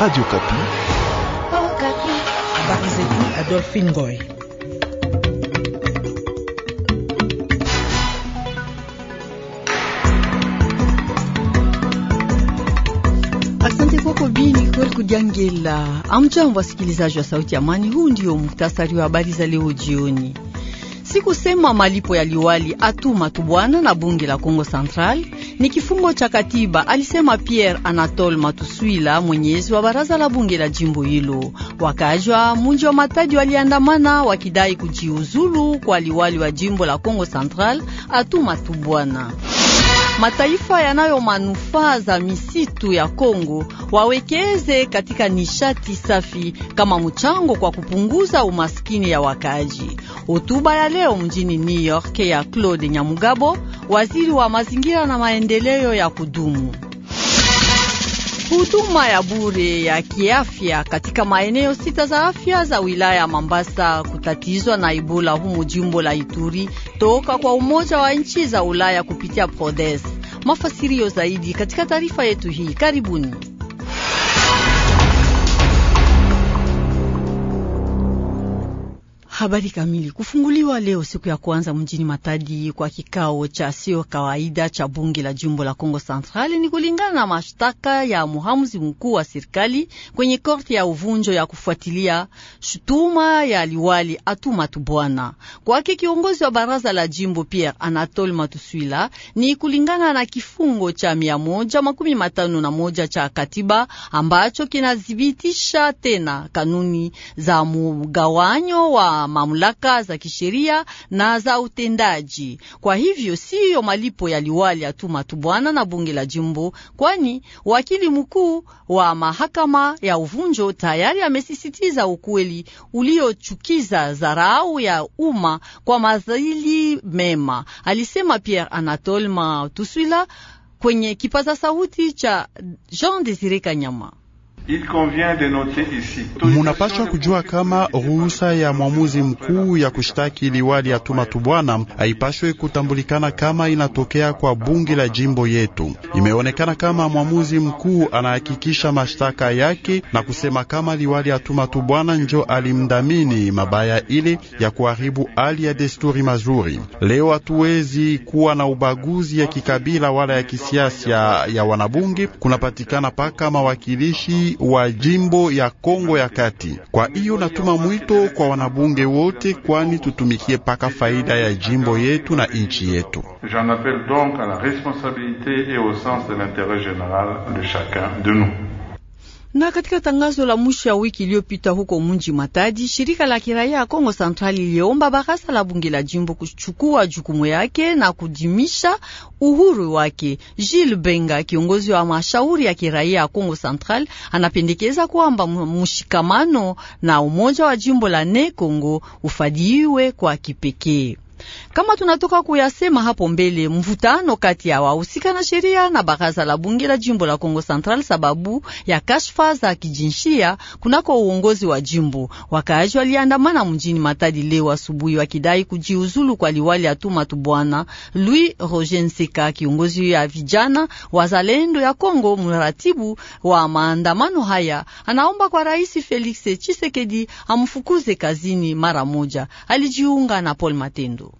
Radio Kapi. Oh, Kapi. Habari zetu Adolphine Ngoy. Asante kwako bini kweli kudiangela. Amjambo wasikilizaji wa sauti ya amani, huu ndio muktasari wa habari za leo jioni. Sikusema malipo ya liwali Atuma bwana na bunge la Kongo Central ni kifungo cha katiba, alisema Pierre Anatole Matuswila, mwenyezi wa baraza la bunge la jimbo hilo. Wakajwa munji wa Matadi waliandamana wakidai kujiuzulu kwa liwali wa jimbo la Kongo Central Atuma Tubwana. Mataifa yanayo manufaa za misitu ya Kongo wawekeze katika nishati safi kama mchango kwa kupunguza umaskini ya wakaji. Hotuba ya leo mjini New York ya Claude Nyamugabo waziri wa mazingira na maendeleo ya kudumu. Huduma ya bure ya kiafya katika maeneo sita za afya za wilaya ya Mambasa kutatizwa na Ebola humu jimbo la Ituri toka kwa Umoja wa Nchi za Ulaya kupitia PRODES. Mafasirio zaidi katika taarifa yetu hii, karibuni. Habari kamili. Kufunguliwa leo siku ya kwanza mjini Matadi kwa kikao cha sio kawaida cha bunge la jimbo la Kongo Central ni kulingana na mashtaka ya muhamuzi mkuu wa serikali kwenye korti ya uvunjo ya kufuatilia shutuma ya liwali Atumatu Bwana kwake. Kiongozi wa baraza la jimbo Pierre Anatole Matuswila ni kulingana na kifungo cha mia moja makumi matano na moja cha katiba ambacho kinathibitisha tena kanuni za mugawanyo wa mamlaka za kisheria na za utendaji. Kwa hivyo siyo malipo ya liwali atuma tu bwana na bunge la jimbo, kwani wakili mkuu wa mahakama ya uvunjo tayari amesisitiza ukweli uliochukiza dharau ya umma kwa mazili mema, alisema Pierre Anatole Matuswila kwenye kipaza sauti cha Jean Desire Kanyama munapashwa kujua kama ruhusa ya mwamuzi mkuu ya kushtaki liwali Atuma Tubwana haipashwe kutambulikana kama inatokea kwa bunge la jimbo yetu. Imeonekana kama mwamuzi mkuu anahakikisha mashtaka yake na kusema kama liwali Atuma Tubwana njo alimdhamini mabaya ile ya kuharibu hali ya desturi mazuri. Leo hatuwezi kuwa na ubaguzi ya kikabila wala ya kisiasa ya wanabunge, kunapatikana paka mawakilishi wa jimbo ya Kongo ya Kati. Kwa hiyo natuma mwito kwa wanabunge wote, kwani tutumikie paka faida ya jimbo yetu na nchi yetu. J'en appelle donc à la responsabilité et au sens de l'intérêt général de chacun de nous. Na katika tangazo la mwisho ya wiki iliyopita huko mji Matadi, shirika la kiraia ya Kongo Central liliomba baraza la bunge la jimbo kuchukua jukumu yake na kudimisha uhuru wake. Gilles Benga, kiongozi wa mashauri ya kiraia ya Kongo Central, anapendekeza kwamba mushikamano na umoja wa jimbo la ne Kongo ufadhiwe kwa kipekee. Kama tunatoka kuyasema hapo mbele, mvutano kati ya wahusika na sheria na baraza la bunge la jimbo la Kongo Central sababu ya kashfa za kijinsia kunako uongozi wa jimbo. Wakaaji waliandamana mjini Matadi leo asubuhi wakidai kujiuzulu kwa liwali Atuma Tubwana Louis Roger Nseka, kiongozi ya vijana wazalendo ya Kongo. Mratibu wa maandamano haya anaomba kwa Rais Felix Tshisekedi amfukuze kazini mara moja. Alijiunga na Paul Matendo.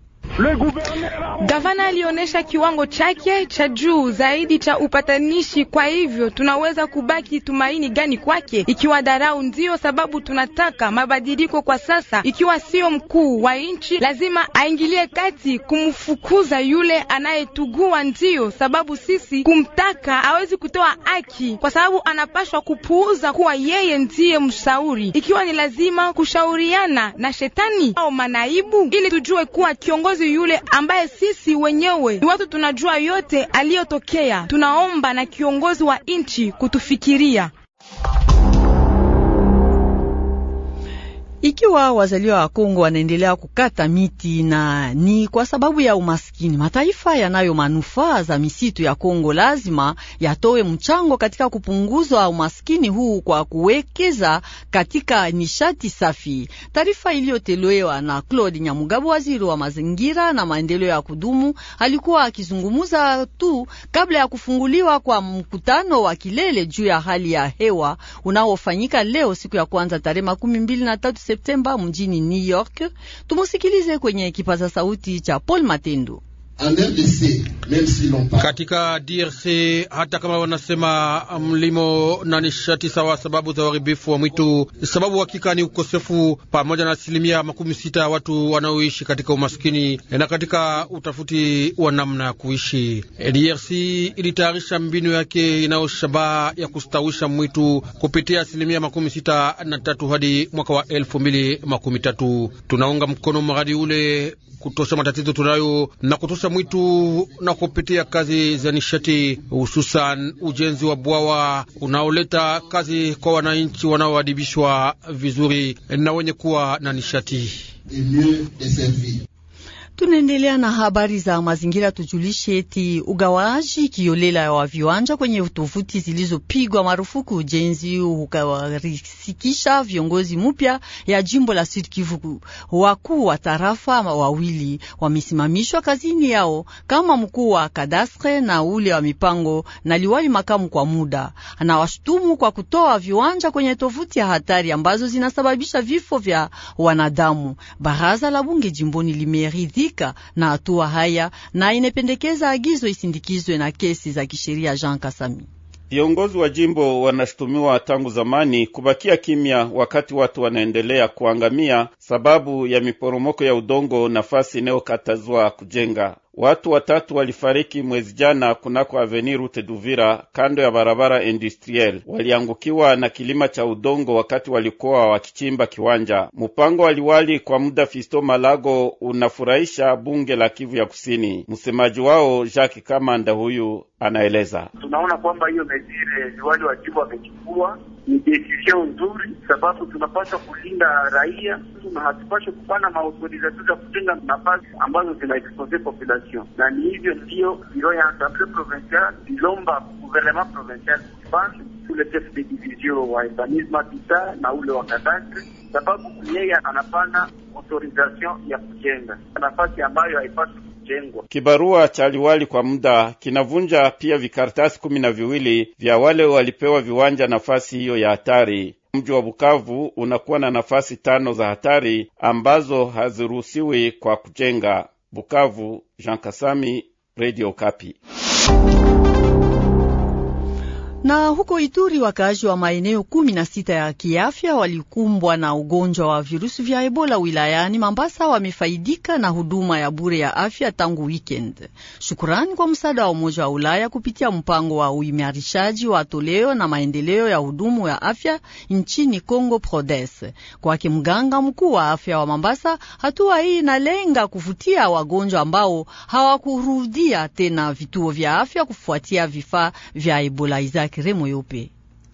Gavana alionyesha kiwango chake cha juu zaidi cha upatanishi. Kwa hivyo tunaweza kubaki tumaini gani kwake? Ikiwa dharau ndiyo sababu tunataka mabadiliko kwa sasa, ikiwa sio mkuu wa nchi, lazima aingilie kati kumfukuza yule anayetugua. Ndiyo sababu sisi kumtaka awezi kutoa haki, kwa sababu anapashwa kupuuza kuwa yeye ndiye mshauri, ikiwa ni lazima kushauriana na shetani au manaibu ili tujue kuwa kiongozi kiongozi yule ambaye sisi wenyewe ni watu tunajua yote aliyotokea. Tunaomba na kiongozi wa nchi kutufikiria. Ikiwa wazaliwa wa Kongo wanaendelea kukata miti na ni kwa sababu ya umaskini, mataifa yanayo manufaa za misitu ya Kongo lazima yatoe mchango katika kupunguzwa umaskini huu kwa kuwekeza katika nishati safi. Taarifa iliyotolewa na Claude Nyamugabo, waziri wa mazingira na maendeleo ya kudumu, alikuwa akizungumza tu kabla ya kufunguliwa kwa mkutano wa kilele juu ya hali ya hewa unaofanyika leo siku ya kwanza tarehe makumi mbili na tatu Septemba mjini New York. Tumusikilize kwenye kipaza sauti cha Paul Matendo. Katika DRC hata kama wanasema um, mlimo na nishati sawa sababu za uharibifu wa mwitu, sababu hakika ni ukosefu, pamoja na asilimia makumi sita ya watu wanaoishi katika umaskini eh, na katika utafuti wa namna ya kuishi. Eh, DRC ilitayarisha mbinu yake inayoshabaha ya kustawisha mwitu kupitia asilimia makumi sita na tatu hadi mwaka wa elfu mbili makumi tatu. Tunaunga mkono mradi ule kutosha matatizo tunayo na kutosha kuboresha mwitu na kupitia kazi za nishati, hususan ujenzi wa bwawa unaoleta kazi kwa wananchi wanaoadibishwa vizuri na wenye kuwa na nishati. Tunaendelea na habari za mazingira. Tujulishe eti ugawaji kiolela wa viwanja kwenye tovuti zilizopigwa marufuku ujenzi ukawarisikisha viongozi mupya ya jimbo la Sud Kivu. Wakuu wa tarafa wawili wamesimamishwa kazini yao kama mkuu wa kadastre na ule wa mipango na liwali makamu kwa muda, anawashutumu kwa kutoa viwanja kwenye tovuti ya hatari ambazo zinasababisha vifo vya wanadamu. Baraza la bunge jimboni limeridhi kuridhika na hatua haya na inapendekeza agizo isindikizwe na kesi za kisheria. Jean Kasami Viongozi wa jimbo wanashutumiwa tangu zamani kubakia kimya wakati watu wanaendelea kuangamia sababu ya miporomoko ya udongo, nafasi inayokatazwa kujenga. Watu watatu walifariki mwezi jana kunako Avenue Route Duvira kando ya barabara industriel. Waliangukiwa na kilima cha udongo wakati walikuwa wakichimba kiwanja. Mpango waliwali kwa muda Fisto Malago unafurahisha bunge la Kivu ya Kusini. Msemaji wao Jacques Kamanda huyu anaeleza, tunaona kwamba hiyo mezire liwali wa Kivu amechukua ni decision nzuri, sababu tunapaswa kulinda raia na hatupaswi kupana maautorisation za kujenga nafasi ambazo zina expose population, na ni hivyo ndiyo biro ya assemble provincial ilomba gouvernement provincial kufanya ule chef de division wa urbanisme habita na ule wa kadastre, sababu yeye anapana autorisation ya kujenga nafasi ambayo haipaswi kujengwa. Kibarua cha liwali kwa muda kinavunja pia vikaratasi kumi na viwili vya wale walipewa viwanja nafasi hiyo ya hatari. Mji wa Bukavu unakuwa na nafasi tano za hatari ambazo haziruhusiwi kwa kujenga. Bukavu, Jean Kasami, Radio Kapi. Na huko Ituri wakaaji wa maeneo kumi na sita ya kiafya walikumbwa na ugonjwa wa virusi vya Ebola wilayani Mambasa wamefaidika na huduma ya bure ya afya tangu weekend, shukurani kwa msaada wa Umoja wa Ulaya kupitia mpango wa uimarishaji wa toleo na maendeleo ya hudumu ya afya nchini Congo Prodes. Kwake mganga mkuu wa afya wa Mambasa, hatua hii inalenga kuvutia wagonjwa ambao hawakurudia tena vituo vya afya kufuatia vifaa vya Ebola izaki yake remoyo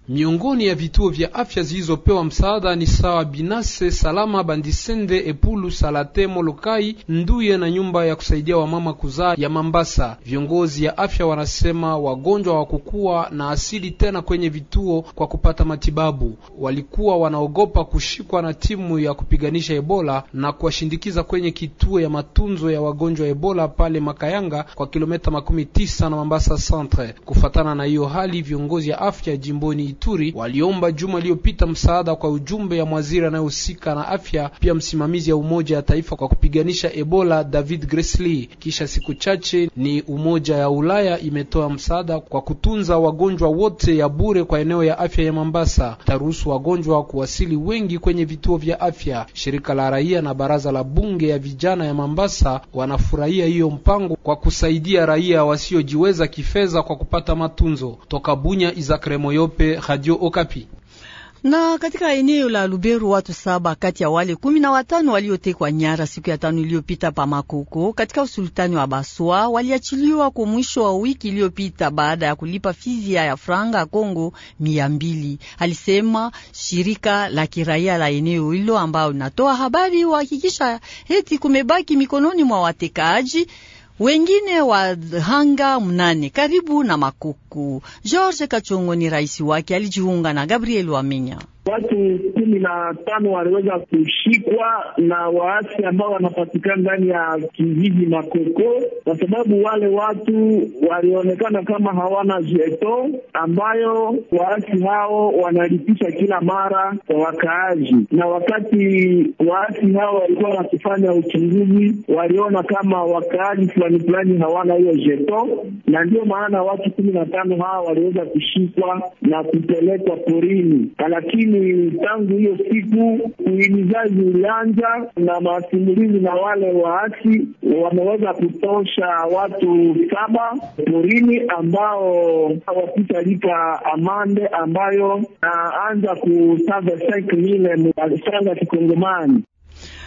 Miongoni ya vituo vya afya zilizopewa msaada ni sawa Binase, Salama, Bandisende, Epulu, salate molokai Nduye na nyumba ya kusaidia wamama kuzaa ya Mambasa. Viongozi ya afya wanasema wagonjwa wa kukua na asili tena kwenye vituo kwa kupata matibabu. Walikuwa wanaogopa kushikwa na timu ya kupiganisha Ebola na kuwashindikiza kwenye kituo ya matunzo ya wagonjwa wa Ebola pale Makayanga kwa kilomita makumi tisa na Mambasa Centre. Kufatana na hiyo hali, viongozi ya afya jimboni Ituri waliomba juma iliyopita msaada kwa ujumbe ya mwaziri anayehusika na afya, pia msimamizi ya Umoja ya Taifa kwa kupiganisha Ebola David Gressly. Kisha siku chache ni Umoja ya Ulaya imetoa msaada kwa kutunza wagonjwa wote ya bure kwa eneo ya afya ya Mambasa, taruhusu wagonjwa kuwasili wengi kwenye vituo vya afya. Shirika la raia na baraza la bunge ya vijana ya Mambasa wanafurahia hiyo mpango kwa kusaidia raia wasiojiweza kifedha kwa kupata matunzo. Toka Bunya, Isaac Remoyope, Radio Okapi. Na katika eneo la Luberu watu saba kati ya wale kumi na watano waliotekwa nyara siku ya tano iliyopita pa Makoko katika usultani wa Baswa waliachiliwa kwa mwisho wa wiki iliyopita baada ya kulipa fizia ya franga Kongo mia mbili, alisema shirika la kiraia la eneo hilo ambao linatoa habari, wahakikisha heti kumebaki mikononi mwa watekaji wengine wa hanga mnane karibu na Makuku. George Kachongo ni rais wake, alijiunga na Gabriel Wamenya watu kumi na tano waliweza kushikwa na waasi ambao wanapatikana ndani ya kijiji Makoko, kwa sababu wale watu walionekana kama hawana jeto ambayo waasi hao wanalipisha kila mara kwa wakaaji. Na wakati waasi hao walikuwa wakifanya uchunguzi, waliona kama wakaaji fulani fulani hawana hiyo jeto, na ndio maana watu kumi na tano hawa waliweza kushikwa na kupelekwa porini, lakini lakini tangu hiyo siku uhimizaji ulianza na masimulizi na wale waasi wameweza kutosha watu saba porini ambao hawakutalika amande ambayo naanza kusaza mfranga kikongomani.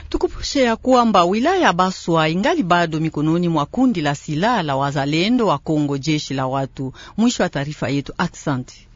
tukupushe ya kwamba wilaya ya Baswa ingali bado mikononi mwa kundi la silaha la wazalendo wa Kongo, jeshi la watu. Mwisho wa taarifa yetu. Asante.